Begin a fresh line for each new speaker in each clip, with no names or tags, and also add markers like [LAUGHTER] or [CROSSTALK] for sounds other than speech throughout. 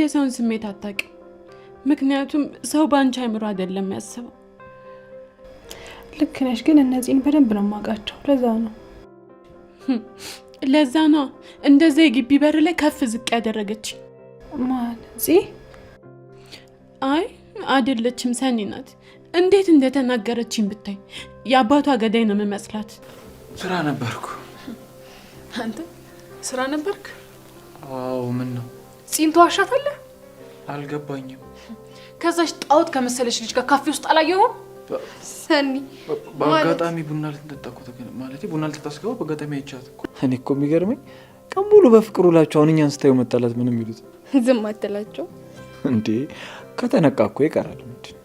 የሰውን ስሜት አታቂ ምክንያቱም ሰው በአንቺ አይምሮ አይደለም ያስበው።
ልክ ነሽ፣ ግን እነዚህን በደንብ ነው የማውቃቸው። ለዛ ነው
[LAUGHS] ለዛ ነው እንደዛ የግቢ በር ላይ ከፍ ዝቅ ያደረገች ማለት አይ አይደለችም፣ ሰኒ ናት። እንዴት እንደተናገረችኝ ብታይ የአባቷ ገዳይ ነው የምመስላት።
ስራ ነበርኩ።
አንተ ስራ ነበርክ?
አዎ። ምን ነው
ጺን ተዋሻታለህ?
አልገባኝም።
ከዛች ጣዖት ከመሰለች ልጅ ጋር ካፌ ውስጥ አላየሁም። ሰኒ
በአጋጣሚ ቡና ልትጠጣ እኮ ማለቴ ቡና ልትጠጣ ስገባ በአጋጣሚ አይቻት እኮ።
እኔ እኮ የሚገርመኝ ቀን ሙሉ በፍቅሩ ላቸው አሁን እኛን ስታዩ መጣላት ምን የሚሉት
ዝም አትላቸው
እንዴ? ከተነቃ እኮ ይቀራል። ምንድን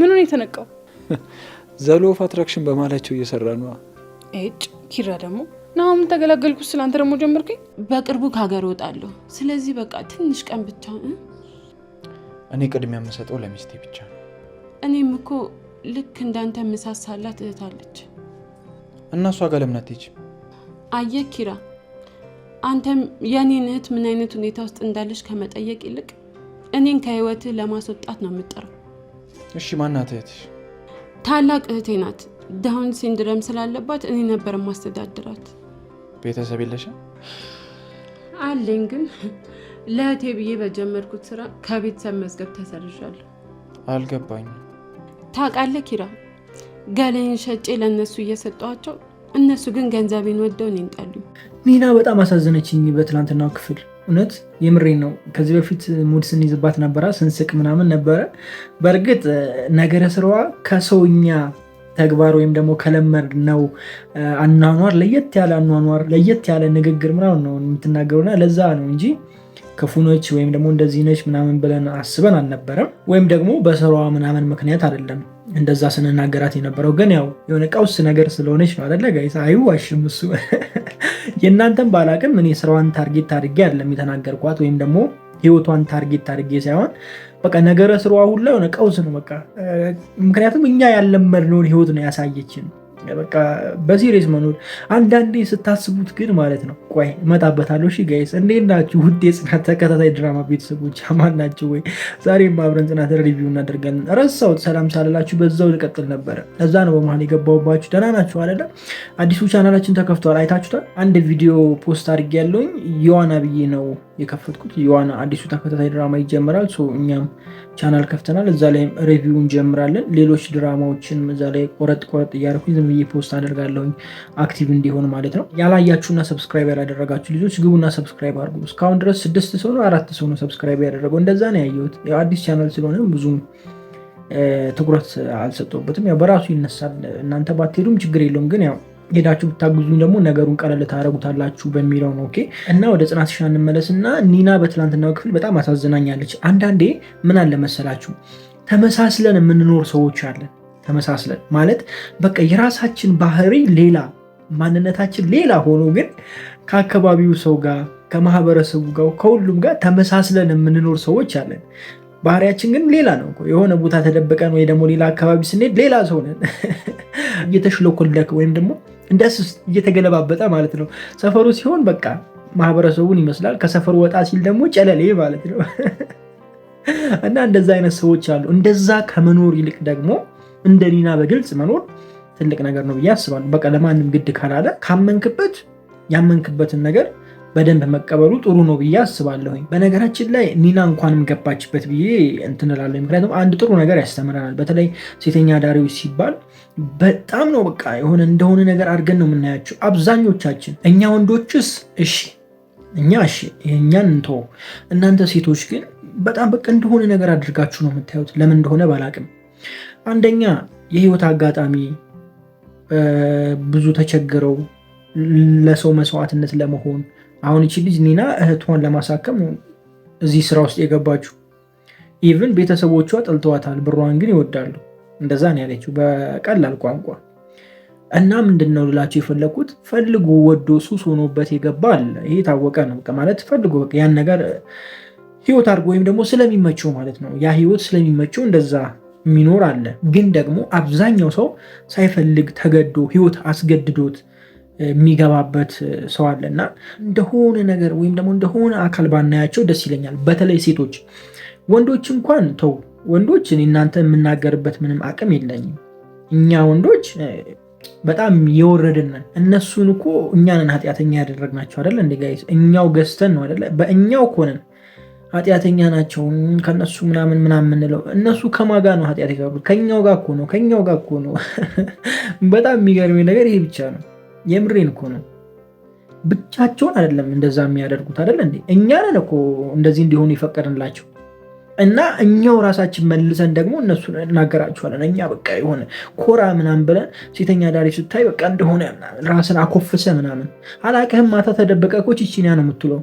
ምኑን የተነቃው?
ዘሎፍ አትራክሽን በማላቸው እየሰራ ነዋ።
እጭ ኪራ ደግሞ ና አሁን ተገላገልኩ። ስላንተ ደግሞ ጀመርኩኝ። በቅርቡ ከሀገር እወጣለሁ። ስለዚህ በቃ ትንሽ ቀን ብቻ።
እኔ ቅድሚያ የምሰጠው ለሚስቴ ብቻ ነው።
እኔም እኮ ልክ እንዳንተ የምሳሳላት እህት አለች
እና እሷ ጋር ለምን አትሄጂም?
አየህ ኪራ፣ አንተም የእኔን እህት ምን አይነት ሁኔታ ውስጥ እንዳለች ከመጠየቅ ይልቅ እኔን ከህይወትህ ለማስወጣት ነው የምጠራው።
እሺ ማናት እህትሽ?
ታላቅ እህቴ ናት። ዳውን ሲንድረም ስላለባት እኔ ነበር ማስተዳድራት።
ቤተሰብ የለሽም?
አለኝ፣ ግን ለእህቴ ብዬ በጀመርኩት ስራ ከቤተሰብ መዝገብ ተሰርዣለሁ።
አልገባኝም።
ታውቃለህ ኪራ፣ ገሌን ሸጬ ለእነሱ እየሰጠኋቸው፣ እነሱ ግን ገንዘቤን ወደው እኔን ጠሉኝ።
ኒና በጣም አሳዘነችኝ በትናንትናው ክፍል። እውነት የምሬን ነው። ከዚህ በፊት ሙድ ስንይዝባት ነበራ፣ ስንስቅ ምናምን ነበረ። በእርግጥ ነገረ ስራዋ ከሰውኛ ተግባር ወይም ደግሞ ከለመድ ነው አኗኗር ለየት ያለ አኗኗር ለየት ያለ ንግግር ምናምን ነው የምትናገሩና ለዛ ነው እንጂ ክፉ ነች ወይም ደግሞ እንደዚህ ነች ምናምን ብለን አስበን አልነበረም። ወይም ደግሞ በስራዋ ምናምን ምክንያት አይደለም እንደዛ ስንናገራት የነበረው ግን ያው የሆነ ቀውስ ነገር ስለሆነች ነው አደለ ጋይስ? አይዋሽም እሱ [LAUGHS] የእናንተን ባላቅም እኔ ስራዋን ታርጌት አድርጌ አይደለም የተናገርኳት ወይም ደግሞ ህይወቷን ታርጌት አድርጌ ሳይሆን በቃ ነገረ ስሯ ሁላ የሆነ ቀውስ ነው። በቃ ምክንያቱም እኛ ያለመድነውን ህይወት ነው ያሳየችን። በቃ በሲሪየስ መኖር አንዳንዴ ስታስቡት ግን ማለት ነው። ቆይ እመጣበታለሁ። እሺ ጋይስ እንዴት ናችሁ? ውድ የጽናት ተከታታይ ድራማ ቤተሰቦች አማን ናቸው ወይ? ዛሬም አብረን ጽናት ሪቪው እናደርጋለን። ረሳሁት ሰላም ሳልላችሁ በዛው ልቀጥል ነበረ። እዛ ነው በመሀል የገባሁባችሁ። ደህና ናችሁ አለ። አዲሱ ቻናላችን ተከፍቷል፣ አይታችሁታል። አንድ ቪዲዮ ፖስት ያለውኝ የዋና ብዬ ነው የከፈትኩት የዋና አዲሱ ተከታታይ ድራማ ይጀምራል። እኛም ቻናል ከፍተናል። እዛ ላይ ሪቪው እንጀምራለን። ሌሎች ድራማዎችን እዛ ላይ ቆረጥ ቆረጥ እያደረኩኝ ዝም ብዬ ፖስት አደርጋለሁኝ አክቲቭ እንዲሆን ማለት ነው። ያላያችሁና ሰብስክራይብ ያላደረጋችሁ ልጆች ግቡና ሰብስክራይብ አድርጉ። እስካሁን ድረስ ስድስት ሰው ነው አራት ሰው ነው ሰብስክራይብ ያደረገው፣ እንደዛ ነው ያየሁት። አዲስ ቻናል ስለሆነ ብዙም ትኩረት አልሰጠሁበትም። ያው በራሱ ይነሳል። እናንተ ባትሄዱም ችግር የለውም ግን ያው ሄዳችሁ ብታግዙኝ ደግሞ ነገሩን ቀለል ታደረጉታላችሁ በሚለው ነው። ኦኬ እና ወደ ጽናትሻ እንመለስ እና ኒና በትላንትናው ክፍል በጣም አሳዝናኛለች። አንዳንዴ ምን አለ መሰላችሁ ተመሳስለን የምንኖር ሰዎች አለን። ተመሳስለን ማለት በቃ የራሳችን ባህሪ ሌላ ማንነታችን ሌላ ሆኖ ግን ከአካባቢው ሰው ጋር ከማህበረሰቡ ጋር ከሁሉም ጋር ተመሳስለን የምንኖር ሰዎች አለን። ባህሪያችን ግን ሌላ ነው። የሆነ ቦታ ተደብቀን ወይ ደግሞ ሌላ አካባቢ ስንሄድ ሌላ ሰው ነን። [LAUGHS] እየተሽለኮለክ ወይም ደግሞ እንደሱ እየተገለባበጠ ማለት ነው። ሰፈሩ ሲሆን በቃ ማህበረሰቡን ይመስላል። ከሰፈሩ ወጣ ሲል ደግሞ ጨለሌ ማለት ነው። [LAUGHS] እና እንደዛ አይነት ሰዎች አሉ። እንደዛ ከመኖር ይልቅ ደግሞ እንደ በግልጽ መኖር ትልቅ ነገር ነው ብዬ አስባለሁ። በቃ ለማንም ግድ ካላለ ካመንክበት ያመንክበትን ነገር በደንብ መቀበሉ ጥሩ ነው ብዬ አስባለሁኝ። በነገራችን ላይ ኒና እንኳንም ገባችበት ብዬ እንትን ምክንያቱም አንድ ጥሩ ነገር ያስተምረናል። በተለይ ሴተኛ አዳሪዎች ሲባል በጣም ነው በቃ የሆነ እንደሆነ ነገር አድርገን ነው የምናያቸው አብዛኞቻችን። እኛ ወንዶችስ እሺ እኛ እሺ እኛን እንቶ እናንተ ሴቶች ግን በጣም በቃ እንደሆነ ነገር አድርጋችሁ ነው የምታዩት። ለምን እንደሆነ ባላቅም፣ አንደኛ የህይወት አጋጣሚ ብዙ ተቸግረው ለሰው መስዋዕትነት ለመሆን አሁን ይቺ ልጅ ኒና እህቷን ለማሳከም እዚህ ስራ ውስጥ የገባችው። ኢቭን ቤተሰቦቿ ጠልተዋታል፣ ብሯን ግን ይወዳሉ። እንደዛ ነው ያለችው በቀላል ቋንቋ። እና ምንድን ነው ልላቸው የፈለግኩት ፈልጎ ወዶ ሱስ ሆኖበት የገባ አለ። ይሄ የታወቀ ነው ማለት ፈልጎ ያን ነገር ህይወት አድርጎ ወይም ደግሞ ስለሚመቸው ማለት ነው ያ ህይወት ስለሚመቸው እንደዛ የሚኖር አለ። ግን ደግሞ አብዛኛው ሰው ሳይፈልግ ተገዶ ህይወት አስገድዶት የሚገባበት ሰው አለ እና እንደሆነ ነገር ወይም ደግሞ እንደሆነ አካል ባናያቸው ደስ ይለኛል። በተለይ ሴቶች፣ ወንዶች እንኳን ተው ወንዶች እናንተ የምናገርበት ምንም አቅም የለኝም። እኛ ወንዶች በጣም የወረድን እነሱን እኮ እኛንን ኃጢአተኛ ያደረግናቸው አደለ? እንደ ጋይስ እኛው ገዝተን ነው አደለ? በእኛው ኮንን ኃጢአተኛ ናቸው ከነሱ ምናምን ምናምን የምንለው እነሱ ከማጋ ነው ኃጢአት የሰሩት ከኛው ጋር እኮ ነው ከኛው ጋር እኮ ነው። [LAUGHS] በጣም የሚገርመኝ ነገር ይሄ ብቻ ነው። የምሬን እኮ ነው። ብቻቸውን አይደለም እንደዛ የሚያደርጉት አይደል እንዴ? እኛ ነን እኮ እንደዚህ እንዲሆኑ ይፈቀድንላቸው እና እኛው ራሳችን መልሰን ደግሞ እነሱ እናገራችኋለን። እኛ በቃ የሆነ ኮራ ምናምን ብለን ሴተኛ ዳሪ ስታይ በቃ እንደሆነ ራስን አኮፍሰ ምናምን አላቅህም። ማታ ተደበቀ እኮ ቺቺኒያ ነው የምትለው።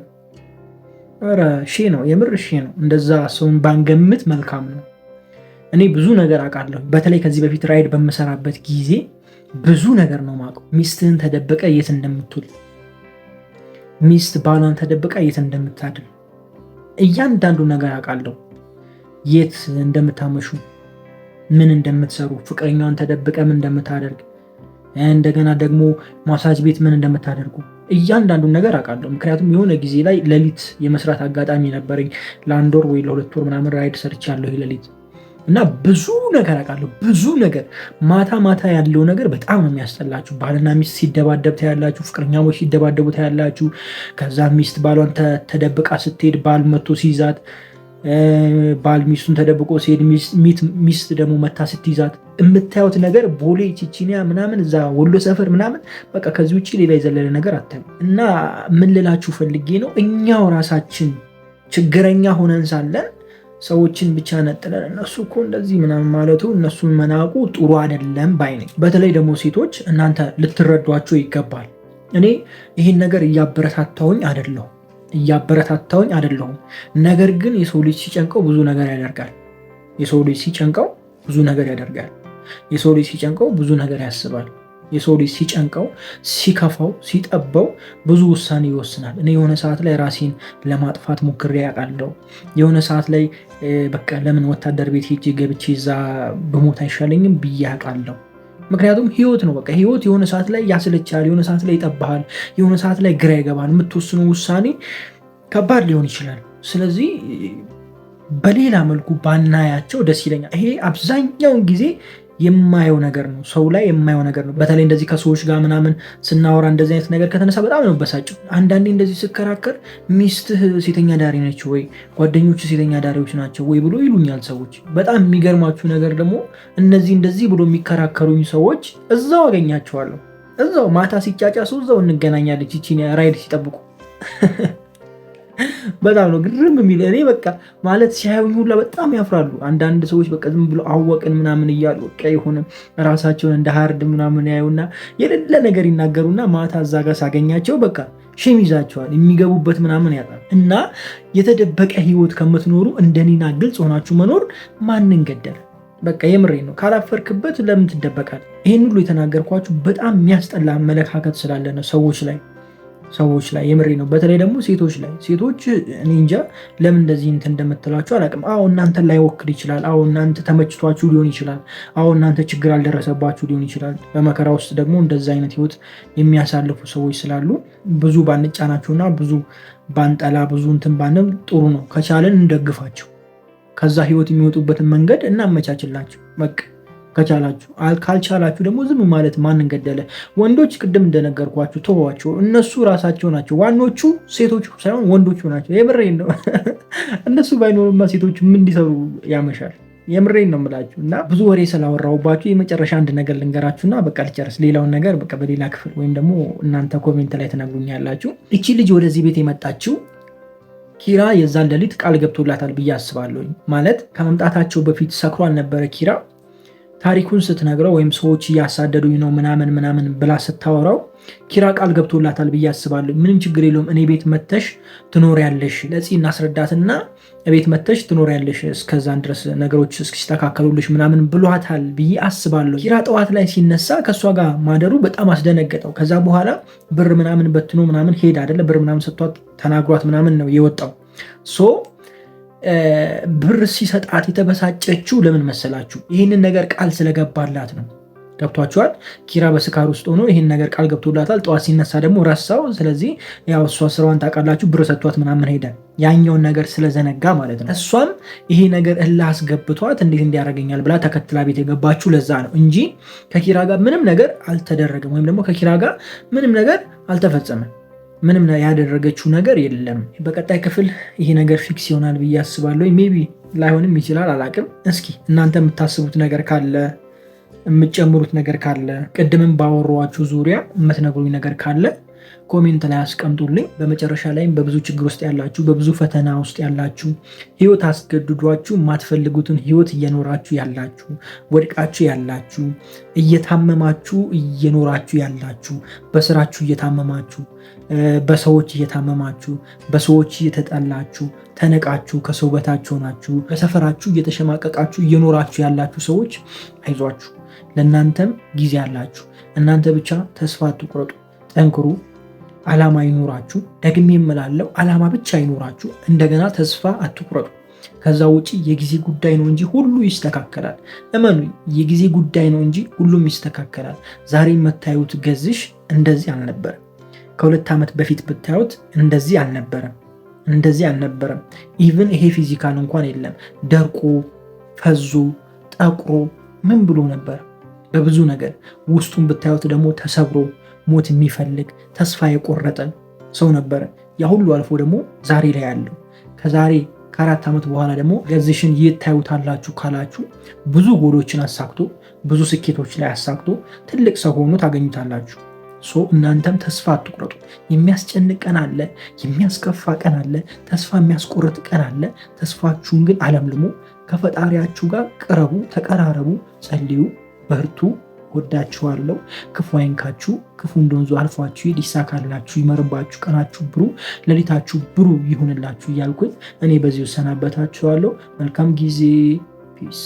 ኧረ ሼ ነው የምር ሼ ነው። እንደዛ ሰውን ባንገምት መልካም ነው። እኔ ብዙ ነገር አውቃለሁ። በተለይ ከዚህ በፊት ራይድ በምሰራበት ጊዜ ብዙ ነገር ነው ማቀው። ሚስትህን ተደብቀ የት እንደምትውል ሚስት ባሏን ተደብቃ የት እንደምታድር እያንዳንዱ ነገር አውቃለሁ። የት እንደምታመሹ፣ ምን እንደምትሰሩ፣ ፍቅረኛዋን ተደብቀ ምን እንደምታደርግ፣ እንደገና ደግሞ ማሳጅ ቤት ምን እንደምታደርጉ እያንዳንዱ ነገር አውቃለሁ። ምክንያቱም የሆነ ጊዜ ላይ ሌሊት የመስራት አጋጣሚ ነበረኝ። ለአንድ ወር ወይ ለሁለት ወር ምናምን ራይድ ሰርቻለሁ ሌሊት እና ብዙ ነገር አውቃለሁ። ብዙ ነገር ማታ ማታ ያለው ነገር በጣም ነው የሚያስጠላችሁ። ባልና ሚስት ሲደባደብ ታያላችሁ። ፍቅረኛሞች ሲደባደቡ ታያላችሁ። ከዛ ሚስት ባሏን ተደብቃ ስትሄድ ባል መቶ ሲይዛት፣ ባል ሚስቱን ተደብቆ ሲሄድ ሚስት ደግሞ መታ ስትይዛት የምታዩት ነገር ቦሌ፣ ቺቺኒያ ምናምን እዛ ወሎ ሰፈር ምናምን በቃ ከዚህ ውጭ ሌላ የዘለለ ነገር አታዩም። እና ምን ልላችሁ ፈልጌ ነው እኛው ራሳችን ችግረኛ ሆነን ሳለን ሰዎችን ብቻ ነጥለን እነሱ እኮ እንደዚህ ምናምን ማለቱ እነሱን መናቁ ጥሩ አይደለም ባይ ነኝ። በተለይ ደግሞ ሴቶች እናንተ ልትረዷቸው ይገባል። እኔ ይህን ነገር እያበረታታውኝ አደለሁ እያበረታታውኝ አደለሁም። ነገር ግን የሰው ልጅ ሲጨንቀው ብዙ ነገር ያደርጋል። የሰው ልጅ ሲጨንቀው ብዙ ነገር ያደርጋል። የሰው ልጅ ሲጨንቀው ብዙ ነገር ያስባል። የሰው ልጅ ሲጨንቀው፣ ሲከፋው፣ ሲጠበው ብዙ ውሳኔ ይወስናል። እኔ የሆነ ሰዓት ላይ ራሴን ለማጥፋት ሞክሬ ያውቃለሁ። የሆነ ሰዓት ላይ በቃ ለምን ወታደር ቤት ሄጄ ገብቼ እዛ በሞት አይሻለኝም ብዬ ያውቃለሁ። ምክንያቱም ህይወት ነው። በቃ ህይወት የሆነ ሰዓት ላይ ያስለቻል፣ የሆነ ሰዓት ላይ ይጠባሃል፣ የሆነ ሰዓት ላይ ግራ ይገባል። የምትወስነው ውሳኔ ከባድ ሊሆን ይችላል። ስለዚህ በሌላ መልኩ ባናያቸው ደስ ይለኛል። ይሄ አብዛኛውን ጊዜ የማየው ነገር ነው። ሰው ላይ የማየው ነገር ነው። በተለይ እንደዚህ ከሰዎች ጋር ምናምን ስናወራ እንደዚህ አይነት ነገር ከተነሳ በጣም ነው በሳጭው። አንዳንዴ እንደዚህ ስከራከር ሚስትህ ሴተኛ ዳሪ ነች ወይ ጓደኞች ሴተኛ ዳሪዎች ናቸው ወይ ብሎ ይሉኛል ሰዎች። በጣም የሚገርማችሁ ነገር ደግሞ እነዚህ እንደዚህ ብሎ የሚከራከሩኝ ሰዎች እዛው አገኛቸዋለሁ። እዛው ማታ ሲጫጫሱ እዛው እንገናኛለች። ይቺን ራይድ ሲጠብቁ [LAUGHS] በጣም ነው ግርም የሚል እኔ በቃ ማለት ሲያዩኝ ሁላ በጣም ያፍራሉ። አንዳንድ ሰዎች በቃ ዝም ብሎ አወቅን ምናምን እያሉ በቃ የሆነ ራሳቸውን እንደ ሀርድ ምናምን ያዩና የሌለ ነገር ይናገሩና ማታ እዛ ጋር ሳገኛቸው በቃ ሽም ይዛቸዋል የሚገቡበት ምናምን ያጣ እና የተደበቀ ህይወት ከምትኖሩ እንደኔና ግልጽ ሆናችሁ መኖር ማንን ገደለ? በቃ የምሬ ነው። ካላፈርክበት ለምን ትደበቃል? ይህን ሁሉ የተናገርኳችሁ በጣም የሚያስጠላ አመለካከት ስላለ ነው ሰዎች ላይ ሰዎች ላይ የምሬ ነው። በተለይ ደግሞ ሴቶች ላይ ሴቶች እኔ እንጃ ለምን እንደዚህ እንትን እንደምትላቸው አላውቅም። አዎ እናንተ ላይወክል ይችላል። አዎ እናንተ ተመችቷችሁ ሊሆን ይችላል። አዎ እናንተ ችግር አልደረሰባችሁ ሊሆን ይችላል። በመከራ ውስጥ ደግሞ እንደዚ አይነት ህይወት የሚያሳልፉ ሰዎች ስላሉ ብዙ ባንጫናቸውና ብዙ ባንጠላ ብዙ እንትን ባንም ጥሩ ነው። ከቻለን እንደግፋቸው። ከዛ ህይወት የሚወጡበትን መንገድ እናመቻችላቸው በቃ ከቻላችሁ ካልቻላችሁ ደግሞ ዝም ማለት ማንን ገደለ? ወንዶች ቅድም እንደነገርኳችሁ ተዋቸው፣ እነሱ ራሳቸው ናቸው ዋኖቹ። ሴቶቹ ሳይሆን ወንዶቹ ናቸው። የምሬን ነው። [LAUGHS] እነሱ ባይኖሩማ ሴቶች ምን እንዲሰሩ ያመሻል? የምሬን ነው የምላችሁ። እና ብዙ ወሬ ስላወራሁባችሁ የመጨረሻ አንድ ነገር ልንገራችሁና በቃ ልጨርስ። ሌላውን ነገር በቃ በሌላ ክፍል ወይም ደግሞ እናንተ ኮሜንት ላይ ትነግሩኛላችሁ። እቺ ልጅ ወደዚህ ቤት የመጣችው ኪራ የዛን ሌሊት ቃል ገብቶላታል ብዬ አስባለሁኝ። ማለት ከመምጣታቸው በፊት ሰክሮ አልነበረ ኪራ ታሪኩን ስትነግረው ወይም ሰዎች እያሳደዱኝ ነው ምናምን ምናምን ብላ ስታወራው ኪራ ቃል ገብቶላታል ብዬ አስባለሁ። ምንም ችግር የለውም እኔ ቤት መተሽ ትኖሪያለሽ፣ ለጺ እናስረዳትና ቤት መተሽ ትኖሪያለሽ እስከዛን ድረስ ነገሮች እስኪስተካከሉልሽ ምናምን ብሏታል ብዬ አስባለሁ። ኪራ ጠዋት ላይ ሲነሳ ከእሷ ጋር ማደሩ በጣም አስደነገጠው። ከዛ በኋላ ብር ምናምን በትኖ ምናምን ሄድ አደለ ብር ምናምን ሰጥቷት ተናግሯት ምናምን ነው የወጣው ሶ ብር ሲሰጣት የተበሳጨችው ለምን መሰላችሁ? ይህንን ነገር ቃል ስለገባላት ነው። ገብቷችኋል? ኪራ በስካር ውስጥ ሆኖ ይህን ነገር ቃል ገብቶላታል። ጠዋት ሲነሳ ደግሞ ረሳው። ስለዚህ ያው እሷ ስራዋን ታውቃላችሁ፣ ብር ሰጥቷት ምናምን ሄደ። ያኛውን ነገር ስለዘነጋ ማለት ነው። እሷም ይሄ ነገር እልህ አስገብቷት እንዴት እንዲያደርገኛል ብላ ተከትላ ቤት የገባችሁ ለዛ ነው እንጂ ከኪራ ጋር ምንም ነገር አልተደረገም፣ ወይም ደግሞ ከኪራ ጋር ምንም ነገር አልተፈጸመም። ምንም ያደረገችው ነገር የለም። በቀጣይ ክፍል ይሄ ነገር ፊክስ ይሆናል ብዬ አስባለሁ። ሜቢ ላይሆንም ይችላል፣ አላቅም። እስኪ እናንተ የምታስቡት ነገር ካለ የምትጨምሩት ነገር ካለ ቅድምም ባወሯችሁ ዙሪያ የምትነግሩኝ ነገር ካለ ኮሜንት ላይ አስቀምጡልኝ። በመጨረሻ ላይም በብዙ ችግር ውስጥ ያላችሁ፣ በብዙ ፈተና ውስጥ ያላችሁ፣ ህይወት አስገድዷችሁ የማትፈልጉትን ህይወት እየኖራችሁ ያላችሁ፣ ወድቃችሁ ያላችሁ፣ እየታመማችሁ እየኖራችሁ ያላችሁ፣ በስራችሁ እየታመማችሁ፣ በሰዎች እየታመማችሁ፣ በሰዎች እየተጠላችሁ፣ ተነቃችሁ፣ ከሰው በታች ሆናችሁ፣ በሰፈራችሁ እየተሸማቀቃችሁ እየኖራችሁ ያላችሁ ሰዎች አይዟችሁ፣ ለእናንተም ጊዜ አላችሁ። እናንተ ብቻ ተስፋ አትቁረጡ፣ ጠንክሩ። ዓላማ ይኖራችሁ። ደግሜ የምላለው ዓላማ ብቻ ይኖራችሁ። እንደገና ተስፋ አትቁረጡ። ከዛ ውጪ የጊዜ ጉዳይ ነው እንጂ ሁሉ ይስተካከላል። እመኑ፣ የጊዜ ጉዳይ ነው እንጂ ሁሉም ይስተካከላል። ዛሬ የምታዩት ገዝሽ እንደዚህ አልነበረም። ከሁለት ዓመት በፊት ብታዩት እንደዚህ አልነበረም። እንደዚህ አልነበረም። ኢቭን ይሄ ፊዚካል እንኳን የለም ደርቆ ፈዞ ጠቁሮ ምን ብሎ ነበር። በብዙ ነገር ውስጡን ብታዩት ደግሞ ተሰብሮ ሞት የሚፈልግ ተስፋ የቆረጠ ሰው ነበረ። ያ ሁሉ አልፎ ደግሞ ዛሬ ላይ ያለው ከዛሬ ከአራት ዓመት በኋላ ደግሞ ገዝሽን ይታዩታላችሁ ካላችሁ ብዙ ጎሎችን አሳክቶ ብዙ ስኬቶች ላይ አሳክቶ ትልቅ ሰው ሆኖ ታገኙታላችሁ። ሶ እናንተም ተስፋ አትቁረጡ። የሚያስጨንቅ ቀን አለ፣ የሚያስከፋ ቀን አለ፣ ተስፋ የሚያስቆርጥ ቀን አለ። ተስፋችሁን ግን አለምልሞ ከፈጣሪያችሁ ጋር ቅረቡ፣ ተቀራረቡ፣ ጸልዩ፣ በርቱ። ወዳችኋለሁ። ክፉ አይንካችሁ፣ ክፉ እንደወንዙ አልፏችሁ ሊሳካላችሁ፣ ይመርባችሁ፣ ቀናችሁ ብሩ፣ ሌሊታችሁ ብሩ ይሁንላችሁ እያልኩኝ እኔ በዚሁ እሰናበታችኋለሁ። መልካም ጊዜ። ፒስ